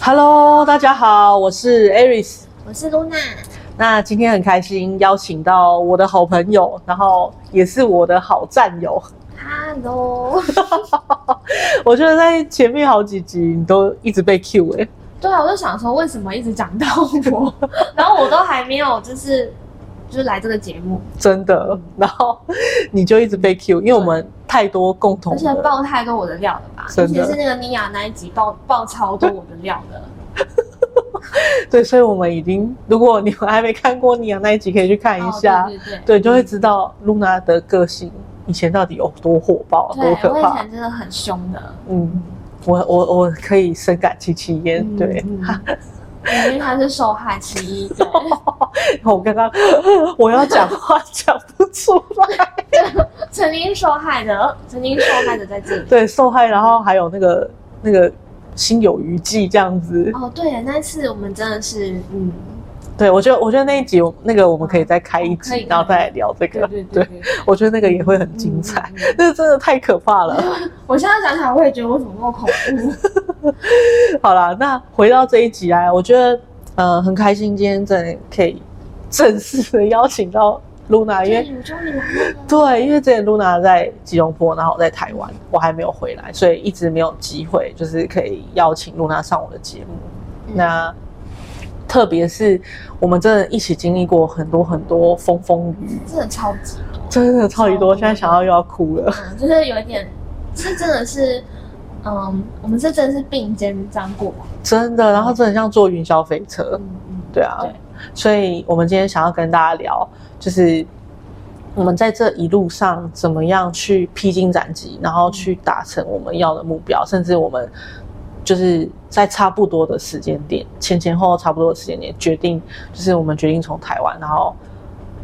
Hello，大家好，我是 Aris，我是露娜。那今天很開心邀請到我的好朋友，然後也是我的好戰友。Hello， 我覺得在前面好幾集你都一直被 cue 哎、欸。對啊，我就想說為什麼一直講到我， 然後我都還沒有就是。就是來這個節目，真的，嗯，然後你就一直被 cue，因為我們太多共同，而且爆太多我的料了吧？之前是那個尼亞那一集爆爆超多我的料的， 對，所以我們已經，如果你們還沒看過尼亞那一集，可以去看一下，哦，對，對，對，對，就會知道露娜的個性以前到底有多火爆，多可怕。我以前真的很兇的，嗯，我我我可以深感戚戚焉，對。嗯嗯嗯、因為他是受害其一， 我跟他，我要講話講不出來。 曾經受害的，曾經受害的在這裡。對，受害，然後還有那個那個心有餘悸這樣子。哦，對啊，那次我們真的是嗯。對，我覺得我覺得那一集，那個我們可以再開一集，哦、然後再來聊這個對對對對。對，我覺得那個也會很精彩。嗯嗯嗯 那個真的太可怕了。我現在想想，我也覺得我怎麼那麼恐怖。 好了，那回到這一集啊，我覺得呃很開心，今天真的可以正式的邀請到露娜，因為對，因為之前露娜在吉隆坡，然後我在台灣，我還沒有回來，所以一直沒有機會，就是可以邀請露娜上我的節目、嗯。那。特別是我們真的一起經歷過很多很多風風雨雨，真的超級，真的超級，超級多。現在想到又要哭了，嗯，就是有一點，就是真的是，嗯，我們這真的是並肩站過，真的，然後真的像坐雲霄飛車，嗯，對啊，對。所以我們今天想要跟大家聊，就是我們在這一路上怎麼樣去披荊斬棘，然後去達成我們要的目標，甚至我們。就是在差不多的時間點，前前後後差不多的時間點，決定就是我們決定從台灣，然後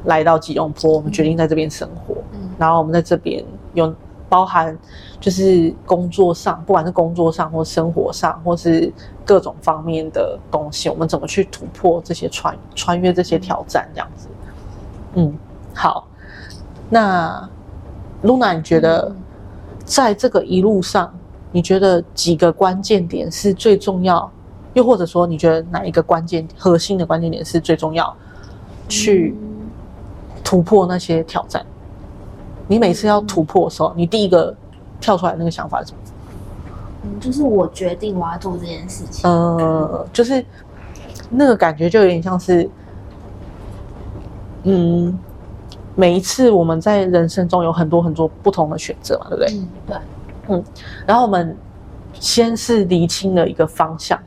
來到吉隆坡，我們決定在這邊生活。然後我們在這邊有包含，就是工作上，不管是工作上或生活上，或是各種方面的東西，我們怎麼去突破這些穿穿越這些挑戰，這樣子。嗯，好。那 Luna，你覺得在這個一路上？你覺得幾個關鍵點是最重要，又或者說你覺得哪一個關鍵核心的關鍵點是最重要，去突破那些挑戰？你每次要突破的時候，嗯，你第一個跳出來那個想法是什麼？嗯，就是我決定我要做這件事情。呃，就是那個感覺就有點像是，嗯，每一次我們在人生中有很多很多不同的選擇嘛，對不對？嗯，對。嗯，然後我們先是釐清了一個方向，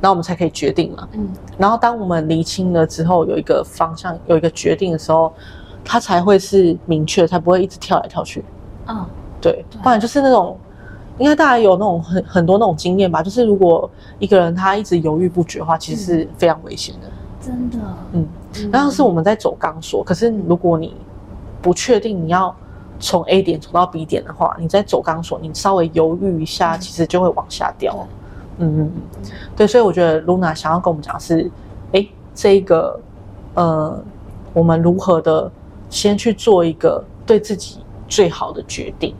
然後我們才可以決定嘛。嗯，然後當我們釐清了之後，有一個方向，有一個決定的時候，它才會是明確，才不會一直跳來跳去。嗯、哦，對。不然就是那種，應該大家有那種很很多那種經驗吧。就是如果一個人他一直猶豫不決的話，其實是非常危險的。嗯、真的。嗯，那、嗯、要是我們在走鋼索。可是如果你不確定你要，從 A 點走到 B 點的話，你在走鋼索，你稍微猶豫一下，其實就會往下掉，嗯。嗯，對，所以我覺得 Luna 想要跟我們講是，哎、欸，這個，呃，我們如何的先去做一個對自己最好的決定。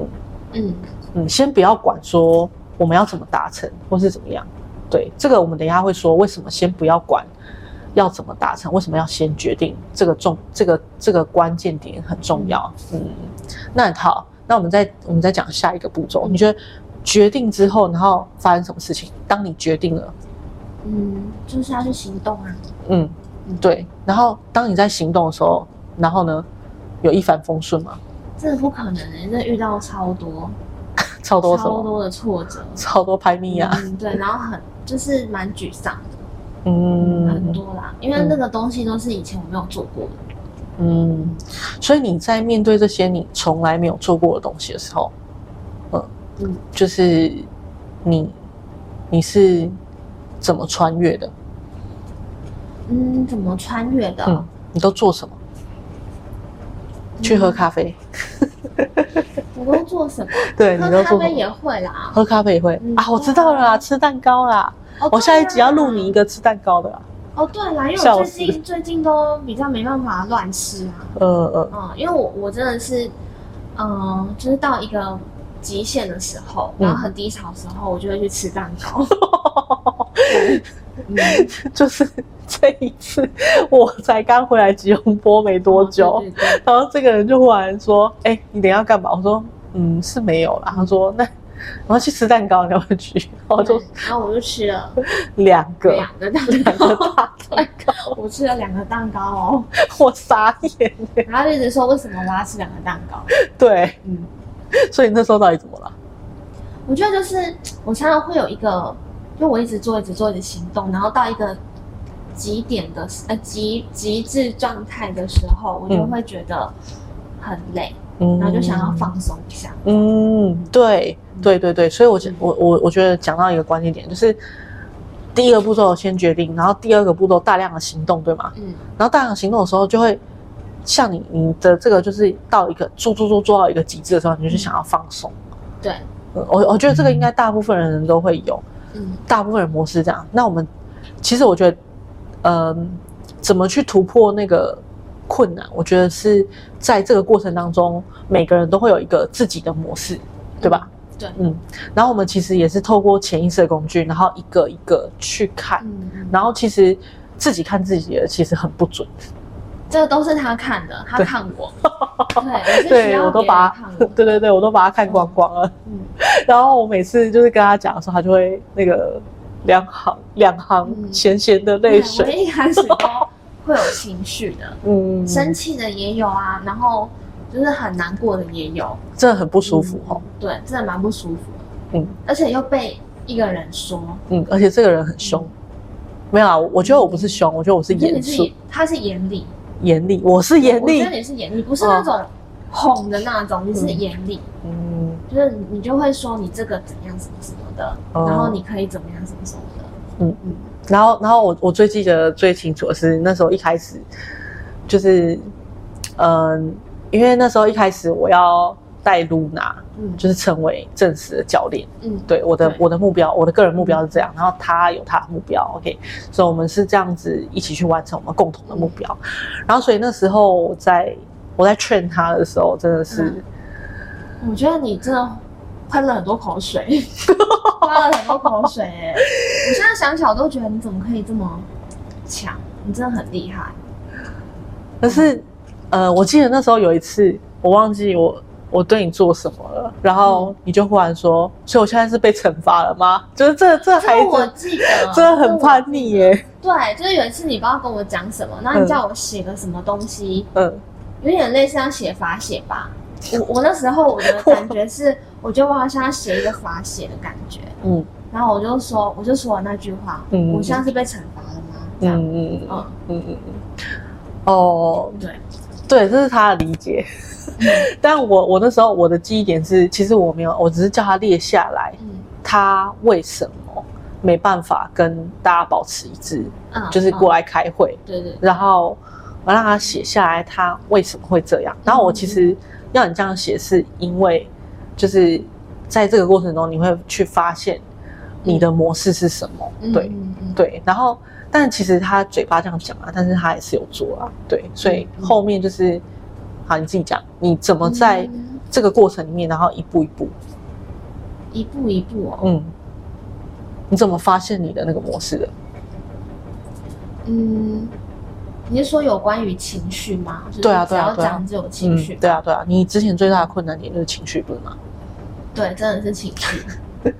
嗯嗯嗯，先不要管說我們要怎麼達成或是怎麼樣。對，這個我們等一下會說為什麼先不要管。要怎麼達成？為什麼要先決定？這個重，這個這個關鍵點很重要嗯。嗯，那好，那我們再我們再講下一個步驟、嗯。你覺得決定之後，然後發生什麼事情？當你決定了，嗯，就是要去行動啊。嗯，對。然後當你在行動的時候，然後呢，有一帆風順嗎？這個、不可能、欸，因為遇到超多， 超多超多的挫折，超多拍咪啊。嗯，對。然後很就是蠻沮喪的嗯，很多啦，因為那個東西都是以前我沒有做過的。嗯，所以你在面對這些你從來沒有做過的東西的時候，嗯，嗯就是你你是怎麼穿越的？嗯，怎麼穿越的？嗯、你都做什麼？去喝咖啡。嗯、 我都做什麼 你都做什麼？對，喝咖啡也會啦，喝咖啡也會、嗯、啊。我知道了啦、嗯，吃蛋糕啦。Oh, 啊、我下一集要錄你一個吃蛋糕的、啊。哦、oh, 啊，對了，因為我最近最近都比較沒辦法亂吃啊。嗯呃嗯，因為我我真的是，嗯、呃，就是到一個極限的時候，嗯、然後很低潮的時候，我就會去吃蛋糕。 嗯、就是這一次，我才剛回來吉隆坡沒多久、oh, 對對對，然後這個人就忽然說：“哎、欸，你等下幹嘛？”我說：“嗯，是沒有了。嗯”他說：“那。”我要去吃蛋糕，你要去然後、嗯，然後我就吃了兩個兩個兩個大蛋糕， 我吃了兩個蛋糕哦，我傻眼，然後一直說為什麼我要吃兩個蛋糕？對，嗯，所以那時候到底怎麼了？我覺得就是我常常會有一個，就我一直做，一直做，一直行動，然後到一個極點的呃極極致狀態的時候，我就會覺得很累，嗯、然後就想要放鬆一下。嗯，嗯對。對對對，所以我、嗯、我我我覺得講到一個關鍵點，就是第一個步驟先決定，然後第二個步驟大量的行動，對嗎？嗯。然後大量行動的時候，就會像你你的這個，就是到一個做做做做到一個極致的時候，你就是想要放鬆。嗯、對。我我覺得這個應該大部分人都會有，嗯，大部分人模式這樣。那我們其實我覺得，嗯、呃，怎麼去突破那個困難？我覺得是在這個過程當中，每個人都會有一個自己的模式，對吧？嗯對，嗯，然後我們其實也是透過潛意識的工具，然後一個一個去看、嗯，然後其實自己看自己的其實很不準，這都是他看的，他看過，對，對, 對我都把他，對對對，我都把他看光光了、嗯嗯，然後我每次就是跟他講的時候，他就會那個兩行兩行鹹鹹的淚水，一開始都會有情緒的， 嗯，生氣的也有啊，然後。就是很難過的也有，真的很不舒服哈、哦嗯。對，真的蠻不舒服。嗯，而且又被一個人說。嗯，而且這個人很兇。嗯、沒有啊，我覺得我不是兇，嗯、我覺得我是嚴厲。他是嚴厲。嚴厲，我是嚴厲。那、嗯、你是嚴厲，你不是那種哄的那種，你、嗯、是嚴厲。嗯，就是你就會說你這個怎樣什麼什麼的，然後你可以怎麼樣什麼什麼的。嗯嗯，然後然後我我最記得最清楚的是那時候一開始，就是嗯。呃因為那時候一開始我要帶露娜，就是成為正式的教練，嗯，對我的對我的目標，我的個人目標是這樣。然後他有他的目標，OK，所、so, 以我們是這樣子一起去完成我們共同的目標。嗯、然後所以那時候在我在勸他的時候，真的是、嗯，我覺得你真的噴了很多口水，噴 了很多口水、欸、 我現在想起來都覺得你怎麼可以這麼強，你真的很厲害、嗯。可是。呃，我記得那時候有一次，我忘記我我對你做什麼了，然後你就忽然說，嗯、所以我現在是被懲罰了嗎？就是這這記得還真這我，真的很叛逆耶、欸。對，就是有一次你不知道跟我講什麼，然後你叫我寫個什麼東西，嗯，有點類似像寫罰寫吧。嗯、我我那時候我的感覺是，我就好像要寫一個罰寫的感覺，嗯。然後我就說，我就說了那句話，嗯、我現在是被懲罰了嗎？這樣，嗯嗯嗯嗯嗯嗯，哦，對。對，這是他的理解， 但我我那時候我的記憶點是，其實我沒有，我只是叫他列下來，嗯、他為什麼沒辦法跟大家保持一致，啊、就是過來開會，對、啊、對，然後我讓他寫下來，他為什麼會這樣、嗯。然後我其實要你這樣寫，是因為就是在這個過程中，你會去發現你的模式是什麼，嗯、對、嗯、對，然後。但其實他嘴巴這樣講啊，但是他也是有做啊，對，所以後面就是，嗯、好，你自己講，你怎麼在這個過程裡面，嗯、然後一步一步，一步一步、哦，嗯，你怎麼發現你的那個模式的？嗯，你是說有關於情緒嗎？就是、嗎？對啊，對啊，講這種情緒，對啊，對啊，你之前最大的困難點就是情緒，不是嗎？對，真的是情緒。 對，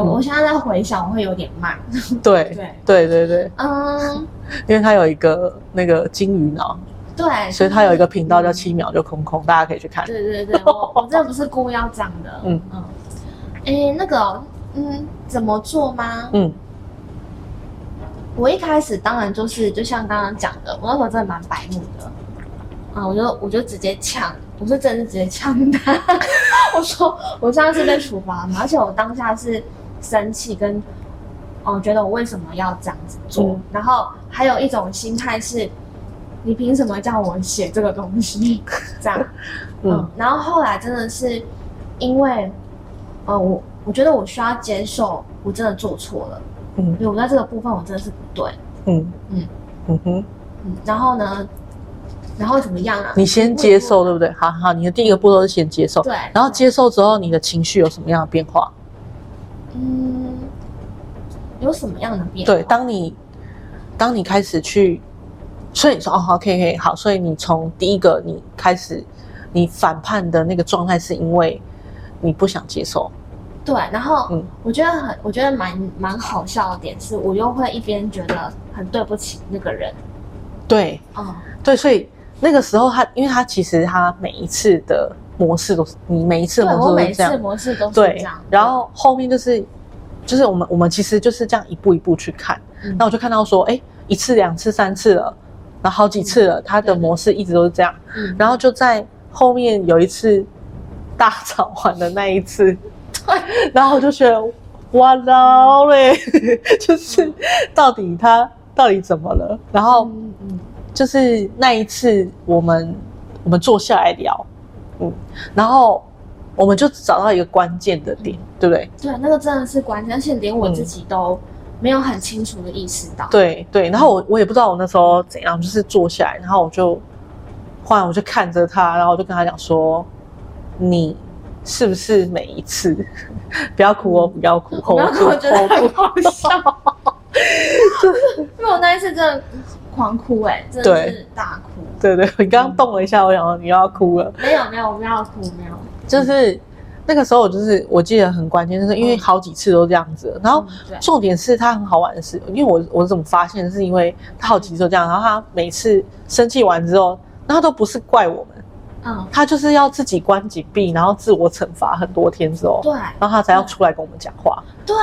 我現在在回想，我會有點慢。嗯、 對對對對對，嗯，因為它有一個那個金魚腦，對，所以它有一個頻道叫七秒就空空、嗯，大家可以去看。對對對， 我我不是故意要講的，嗯嗯，哎、欸，那個嗯，怎麼做嗎？嗯，我一開始當然就是就像剛剛講的，我那時候真的蠻白目的。啊、嗯！我就我就直接嗆，我是真的直接嗆他。 我說我上次被處罰嘛，而且我當下是生氣，跟哦我覺得我為什麼要這樣子做，嗯、然後還有一種心態是，你憑什麼叫我寫這個東西？ 這樣嗯，嗯。然後後來真的是因為，呃、我我覺得我需要接受，我真的做錯了。嗯。因為我在這個部分，我真的是不對。嗯嗯哼、嗯。嗯，然後呢？然後怎麼樣啊？你先接受，對不對？好好，你的第一個步驟是先接受。對。然後接受之後，你的情緒有什麼樣的變化？嗯，有什麼樣的變化？對，當你當你開始去，所以你說哦，好，okay，okay，好。所以你從第一個你開始，你反叛的那個狀態是因為你不想接受。對，然後，嗯，我覺得很，我覺得蠻蠻好笑的點是，我又會一邊覺得很對不起那個人。對，哦，對，所以。那個時候他、他因為他其實他每一次的模式都是你每、每一次模式都是這樣，模式都是這樣。然後後面就是就是我們我們其實就是這樣一步一步去看。那我就看到說，哎、欸，一次兩次三次了，然後好幾次了，嗯、他的模式一直都是這樣對對對。然後就在後面有一次大吵完的那一次， 然後我就覺得哇哦嘞， hour 咧 就是到底他到底怎麼了？然後。嗯就是那一次，我們我們坐下來聊、嗯，然後我們就找到一個關鍵的點、嗯，對不對？對，那個真的是關鍵，而且連我自己都沒有很清楚的意識到。嗯、對對，然後我我也不知道我那時候怎樣，就是坐下來，然後我就，忽然我就看着他，然後我就跟他講說：“你是不是每一次不要哭哦，嗯、不要哭。我不要哭，我就哭”然後我覺得好搞笑， 因為我那一次真的。狂哭哎、欸！真的是大哭。對對，對，你剛剛動了一下，嗯、我想到你又要哭了。沒有沒有，我不要哭，沒有。就是那個時候，我就是我記得很關鍵，就是因為好幾次都這樣子、嗯。然後重點是他很好玩的是，嗯、因為我我怎麼發現是因為他好幾次都這樣，然後他每次生氣完之後，那他都不是怪我們，嗯，他就是要自己關禁閉，然後自我懲罰很多天之後、嗯，對，然後他才要出來跟我們講話。對，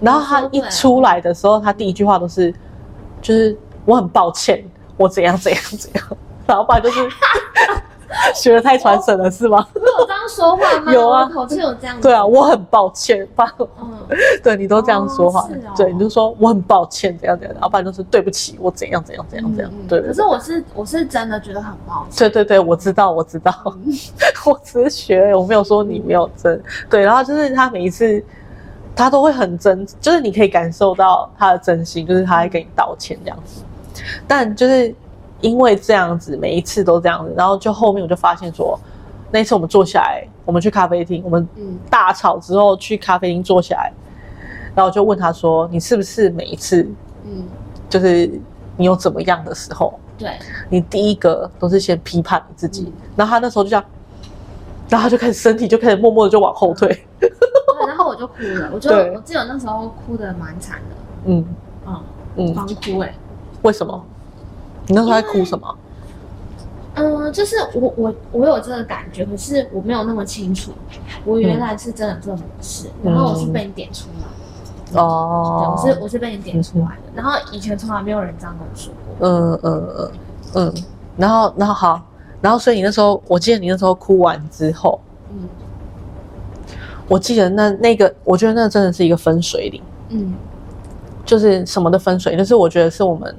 然後他一出來的時候，嗯、他第一句話都是，就是。我很抱歉，我怎樣怎樣怎樣，老闆就是 學得太傳神了，是嗎？我剛說話嗎？有啊，口氣有這樣子。對啊，我很抱歉，抱歉，嗯、對，你都這樣說話，哦哦，對，你就說我很抱歉，怎樣怎樣，老闆就說對不起，我怎樣怎樣怎樣怎樣。嗯嗯對，對，對。可是我是我是真的覺得很抱歉。對對對，我知道我知道， 我只是學，欸，我沒有說你沒有真。對，然後就是他每一次他都會很真，就是你可以感受到他的真心，就是他在跟你道歉這樣子。但就是因為這樣子，每一次都這樣子，然後就後面我就發現說，那一次我們坐下來，我們去咖啡廳，我們大吵之後、嗯、去咖啡廳坐下來，然後我就問他說、嗯：“你是不是每一次，嗯，就是你有怎麼樣的時候？對、嗯，你第一個都是先批判你自己、嗯，然後他那時候就這樣，然後他就開始身體就開始默默的就往後退、嗯 對，然後我就哭了，我就我記得那時候哭的蠻慘的，嗯、哦、嗯，狂哭哎、欸。”為什麼？你那時候在哭什麼？嗯、呃，就是我我我有這個感覺，可是我沒有那麼清楚。我原來是真的做什麼事、嗯，然後我是被你點出來的。嗯、對哦對，我是我是被你點出來的。嗯、然後以前從來沒有人這樣跟我說過。嗯嗯嗯嗯。然後然後好，然後所以你那時候，我記得你那時候哭完之後，嗯，我記得那那個，我覺得那真的是一個分水嶺。嗯，就是什麼的分水嶺，就是我覺得是我們。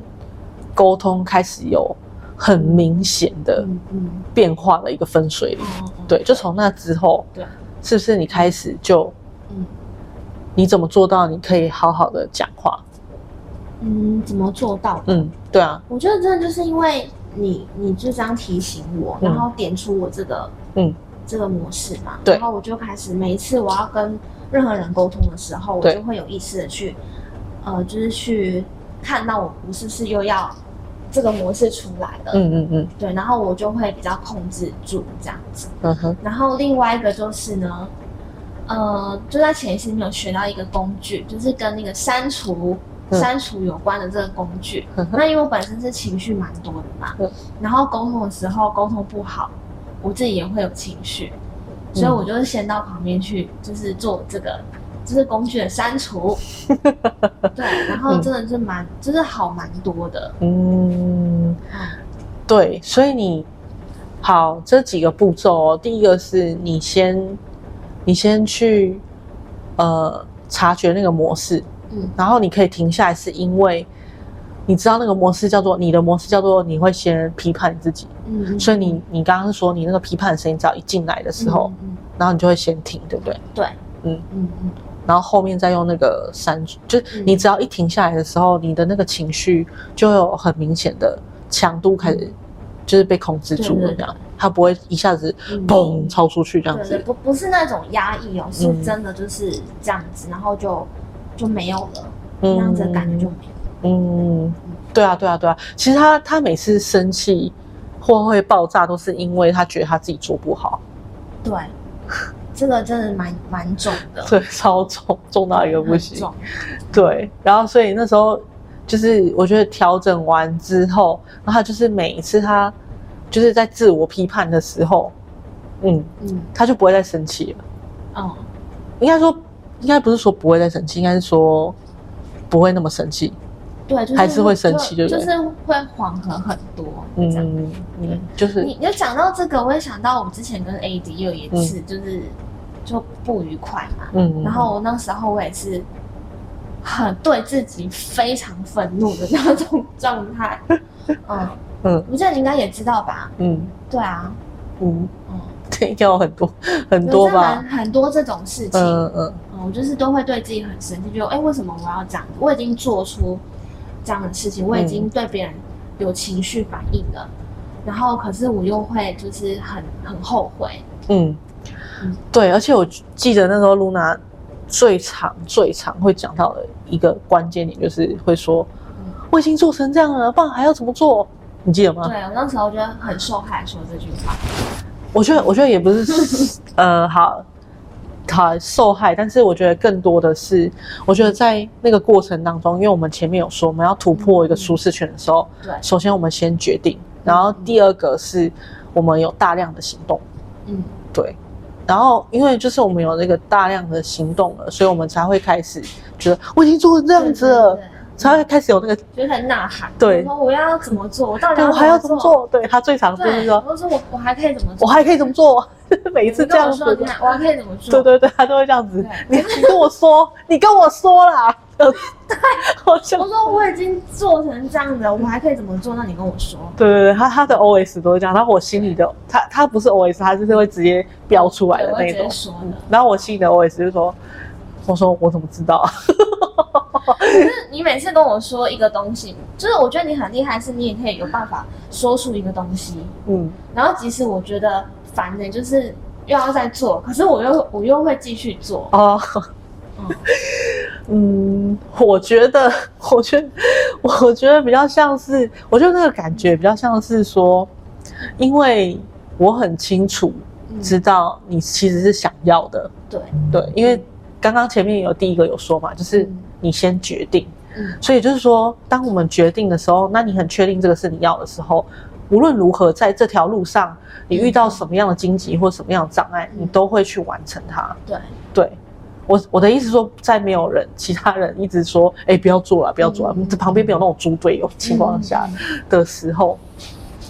溝通開始有很明顯的變化的一個分水嶺、嗯嗯嗯嗯，對，就從那之後，對，是不是你開始就，嗯，你怎麼做到你可以好好的講話？嗯，怎麼做到？嗯，對啊，我覺得真的就是因為你，你就這樣提醒我，然後點出我這個，嗯，這個模式嘛，對，然後我就開始每一次我要跟任何人溝通的時候，我就會有意識的去，呃，就是去。看到我不是，是又要這個模式出來了，嗯嗯嗯，對，然後我就會比較控制住這樣子，嗯哼、然後另外一個就是呢，呃，就在前一些沒有學到一個工具，就是跟那個刪除、刪、嗯、除有關的這個工具。嗯、那因為我本身是情緒蠻多的嘛，嗯、然後溝通的時候溝通不好，我自己也會有情緒，所以我就是先到旁邊去，就是做這個。是工具的刪除 ，對，然後真的是蠻，就、嗯、是好蠻多的，嗯，對，所以你，好這幾個步驟哦、喔，第一個是你先，你先去，呃，察覺那個模式，嗯、然後你可以停下來，是因為你知道那個模式叫做你的模式叫做你會先批判自己，嗯，所以你你剛剛說你那個批判的聲音只要一進來的時候、嗯嗯，然後你就會先停，對不對？對，嗯嗯嗯。然後後面再用那個刪，就你只要一停下來的時候、嗯，你的那個情緒就有很明顯的強度開始，就是被控制住了、嗯、這樣對對對，他不會一下子嘣超、嗯、出去這樣子。對對對不不是那種壓抑哦，是真的就是這樣子，嗯、然後就就沒有了，這樣子感覺就沒有了嗯。嗯，對啊對啊對啊，其實他他每次生氣或會爆炸，都是因為他覺得他自己做不好。對。 這個真的蠻蠻重的，對，超重重到一個不行。對。 對，然後，所以那時候就是，我覺得調整完之後，然後他就是每一次他就是在自我批判的時候，嗯嗯，他就不會再生氣了。哦、嗯，應該說，應該不是說不會再生氣，應該是說不會那麼生氣。對、就是，還是會生氣，就是會緩和很多。嗯嗯，就是你，你講到這個，我也想到我們之前跟 AD 有一次，嗯、就是。就不愉快嘛，嗯、然後我那時候我也是很對自己非常憤怒的那種狀態。嗯 嗯，我覺得你應該也知道吧？嗯，對啊，嗯對，有、嗯、很多很多吧很，很多這種事情。嗯嗯，嗯，我就是都會對自己很生氣，就、嗯、哎，為什麼我要這樣？我已經做出這樣的事情，我已經對別人有情緒反應了，嗯、然後可是我又會就是很很後悔。嗯。對，而且我記得那時候露娜最常最常會講到的一個關鍵點，就是會說、嗯：“我已經做成這樣了，不然還要怎麼做？”你記得嗎？對，我當時我覺得很受害，說這句話。我覺得，我覺得也不是 呃，好，好受害，但是我覺得更多的是，我覺得在那個過程當中，因為我們前面有說我們要突破一個舒適圈的時候，對、嗯，首先我們先決定，然後第二個是我們有大量的行動，嗯，對。然後，因為就是我們有那個大量的行動了，所以我們才會開始覺得我已經做成這樣子了。才會開始有那個，嗯、覺得很吶喊。對，就是、我要怎麼做？我到底我還要怎麼做？對他最常的就是說，我說我我還可以怎麼，做。我還可以怎麼做？每一次這樣我說我還可以怎麼做？對對對，他都會這樣子。你跟我說，你跟我說， 你跟我說啦。對我，我說我已經做成這樣子，了，我們還可以怎麼做？那你跟我說。對對對，他他的 O S 都是這樣。然後我心裡的他他不是 O S，他就是會直接飆出來的那種的、嗯。然後我心裡的 O S 就說：“我說我怎麼知道？” 就是你每次跟我說一個東西，就是我覺得你很厲害，是你也可以有辦法說出一個東西，嗯。然後即使我覺得煩的、欸，就是又要再做，可是我又我又會繼續做哦。嗯、哦、嗯，我覺得，我覺得，我覺得比較像是，我覺得那個感覺比較像是說，因為我很清楚知道你其實是想要的，嗯、對對，因為剛剛前面有第一個有說嘛，就是。嗯你先決定、嗯，所以就是說，當我們決定的時候，那你很確定這個是你要的時候，無論如何，在這條路上，你遇到什麼樣的荊棘或什麼樣的障礙、嗯，你都會去完成它。對，對，我我的意思說，在沒有人、其他人一直說“哎、欸，不要做了，不要做了、嗯”，旁邊沒有那種豬隊友情況下、嗯、的時候，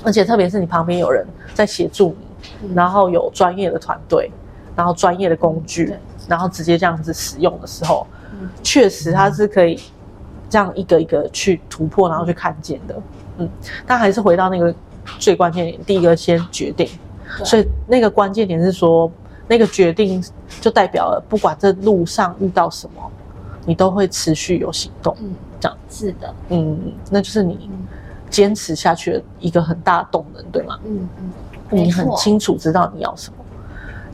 而且特別是你旁邊有人在協助你、嗯，然後有專業的團隊，然後專業的工具，然後直接這樣子使用的時候。確實，它是可以這樣一個一個去突破，然後去看見的。嗯，但還是回到那個最關鍵點，第一個先決定。所以那個關鍵點是說，那個決定就代表了，不管這路上遇到什麼，你都會持續有行動。嗯，這樣子的。嗯，那就是你堅持下去的一個很大的動能，對嗎？嗯嗯，你很清楚知道你要什麼。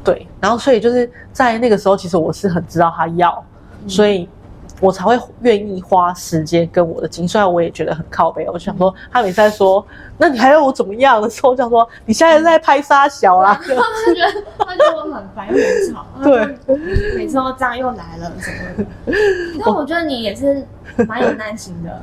對，然後所以就是在那個時候，其實我是很知道他要。所以，我才會願意花時間跟我的金。雖然我也覺得很靠北，我想說，他每次在說，那你還要我怎麼樣的時候，我想說，你現在在拍沙小啦、嗯。 他覺得他覺得我很煩，又很吵。對、啊，每次這樣又來了什麼的？但我覺得你也是蠻有耐心的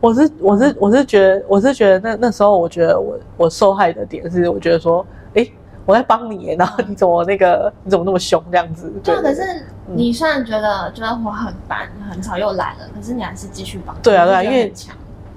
我 我。我是我是我是覺得我是覺得那那時候我覺得我我受害的點是，我覺得說，欸我在幫你、欸，然後你怎麼那個，你怎麼那麼凶這樣子？對、啊、可是你雖然覺得覺得我很煩，很吵又來了，可是你還是繼續幫。對啊，啊、對啊，因為，因為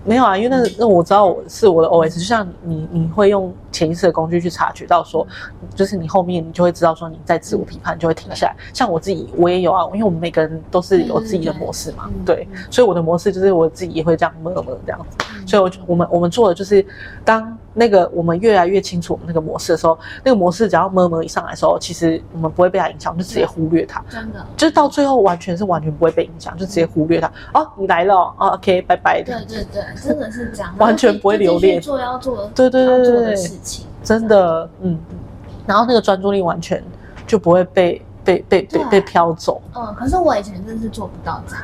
沒有啊，因為那那我知道我是我的 OS，、嗯、就像你你會用。潛意識的工具去察覺到說、嗯，就是你後面你就會知道說你在自我批判就會停下來、嗯。像我自己我也有啊，因為我們每個人都是有自己的模式嘛，嗯對、嗯、對，所以我的模式就是我自己也會這樣麼麼這樣子。嗯、所以我我們我們做的就是，當那個我們越來越清楚我們那個模式的時候，那個模式只要麼麼一上來的時候，其實我們不會被它影響，我們就直接忽略它。真的，就是到最後完全是完全不會被影響，就直接忽略它、嗯。哦，你來了哦，哦，OK，拜拜的。對對對，真的是這樣。完全不會留戀。做要做對對對對對。真的，嗯，然後那個專注力完全就不會被被被被被飄走。嗯，可是我以前真是做不到這樣。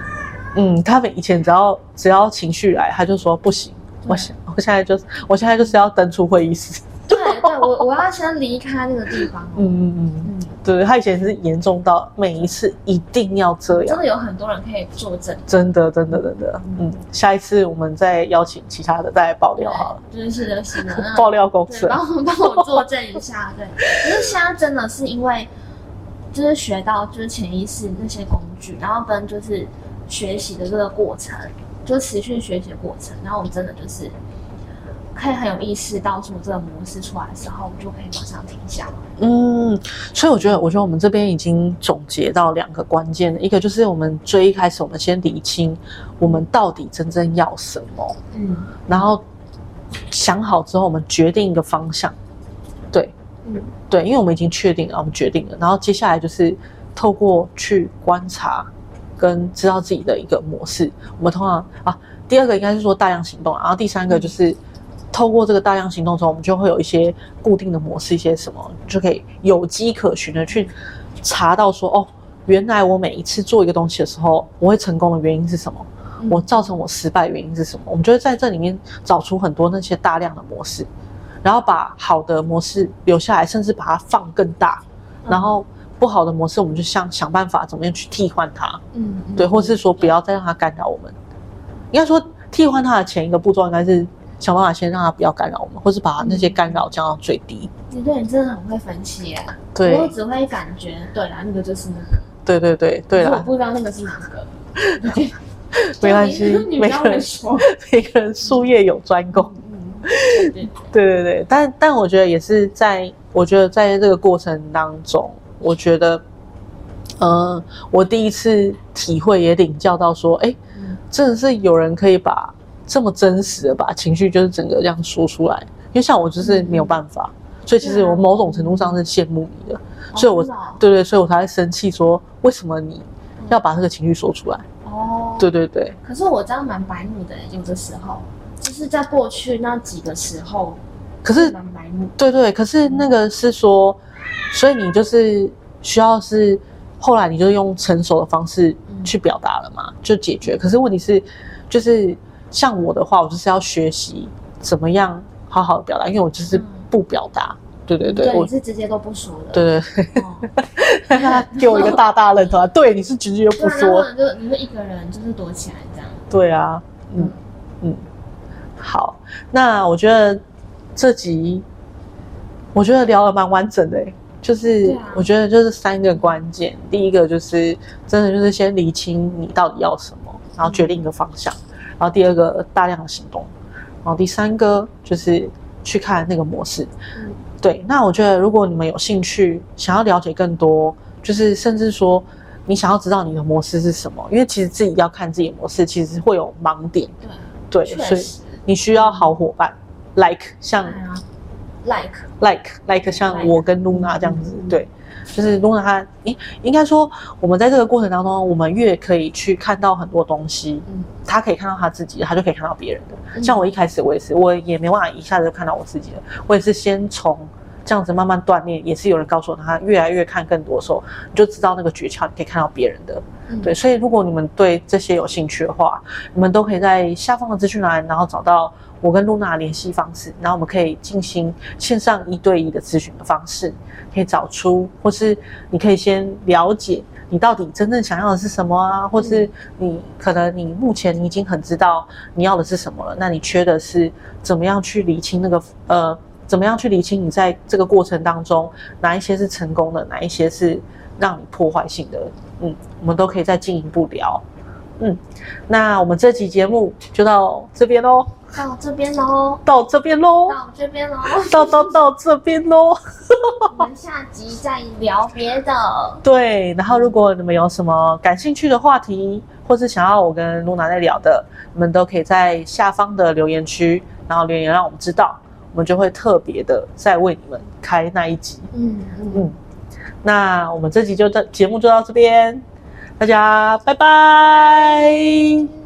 嗯，他們以前只要只要情緒來，他就說不行。我現我現在就是，我現在就是要登出會議室。對，我我要先離開那個地方，哦。嗯嗯嗯嗯，對，他以前是嚴重到每一次一定要這樣。真的有很多人可以作證。真的真的真的，真的嗯，嗯，下一次我們再邀請其他的再來爆料好了。真、就是的，行。爆料公司，幫幫我作證一下。 對，可是現在真的是因為，就是學到就是潛意識那些工具，然後跟就是學習的這個過程，就持續學習的過程，然後我們真的就是。可以很有意識，到從這個模式出來的時候，我們就可以馬上停下。嗯，所以我覺得，我覺得我們這邊已經總結到兩個關鍵了，一個就是我們最一開始，我們先理清我們到底真正要什麼。嗯，然後想好之後，我們決定一個方向。對，嗯，對，因為我們已經確定了，我們決定了，然後接下來就是透過去觀察跟知道自己的一個模式。我們通常啊，第二個應該是說大量行動，然後第三個就是。嗯透過這個大量行動之後，我們就會有一些固定的模式，一些什麼就可以有跡可循的去查到說，哦，原來我每一次做一個東西的時候，我會成功的原因是什麼？我造成我失敗的原因是什麼？我們就會在這裡面找出很多那些大量的模式，然後把好的模式留下來，甚至把它放更大，然後不好的模式，我們就想想辦法怎麼樣去替換它，嗯，對，或是說不要再讓它干擾我們。應該說，替換它的前一個步驟應該是。想辦法先讓他不要干擾我們，或是把那些干擾降到最低。你、嗯、對你真的很會分析耶！啊，對我只會感覺。對啦，那個就是，那個。那對對對對啦。我不知道那個是什麼。沒關係，每 個人沒說，每個人術業有專攻。嗯，嗯嗯對，對，對對對，但但我覺得也是在，我覺得在這個過程當中，我覺得，嗯、呃，我第一次體會也領教到說，哎，真的是有人可以把。這麼真實的把情緒就是整個這樣說出來，因為像我就是沒有辦法，所以其實我某種程度上是羨慕你的，所以我對對，所以我才會生氣，說為什麼你要把這個情緒說出來？哦，對對對。可是我這樣蠻白目的，有的時候就是在過去那幾個時候，可是蠻白目，對對，可是那個是說，所以你就是需要是後來你就用成熟的方式去表達了嘛，就解決。可是問題是，就是。像我的話，我就是要學習怎麼樣好好的表達，因為我就是不表達、嗯，對對對，對我你是直接都不說的，對對，對，那、哦、 給我一個大大的認同、啊， 對你是直接不說，你、啊、就你就一個人就是躲起來這樣，對啊，嗯嗯，嗯，好，那我覺得這集我覺得聊得蠻完整的、欸，就是我覺得就是三個關鍵、啊，第一個就是真的就是先理清你到底要什麼，然後決定一個方向。嗯然後第二個大量的行動，然後第三個就是去看那個模式。嗯、對，那我覺得如果你們有興趣、嗯，想要了解更多，就是甚至說你想要知道你的模式是什麼，因為其實自己要看自己的模式，其實會有盲點。對，對，所以你需要好夥伴，like 像、哎、like, like, like,，like like like 像我跟露娜、嗯、這樣子，嗯、對。就是如果他，欸、應應該說，我們在這個過程當中，我們越可以去看到很多東西，他可以看到他自己，他就可以看到別人的。像我一開始，我也是，我也沒辦法一下子就看到我自己了，我也是先從這樣子慢慢鍛鍊，也是有人告訴我，他，越來越看更多的時候，你就知道那個訣竅，你可以看到別人的，對。所以，如果你們對這些有興趣的話，你們都可以在下方的資訊欄，然後找到。我跟露娜的聯繫方式，然後我們可以進行線上一對一的諮詢的方式，可以找出，或是你可以先了解你到底真正想要的是什麼啊，或是你可能你目前你已經很知道你要的是什麼了，那你缺的是怎麼樣去理清那個，呃，怎麼樣去理清你在這個過程當中，哪一些是成功的，哪一些是讓你破壞性的，嗯，我們都可以再進一步聊。嗯，那我們這集節目就到這邊嘍，到這邊嘍，到這邊嘍，到這邊嘍，到到到這邊嘍。 我們下集再聊別的。對，然後如果你們有什麼感興趣的話題，或是想要我跟露娜在聊的，你們都可以在下方的留言區，然後留言讓我們知道，我們就會特別的再為你們開那一集。嗯嗯，嗯那我們這集就到，節目就到這邊。大家拜拜。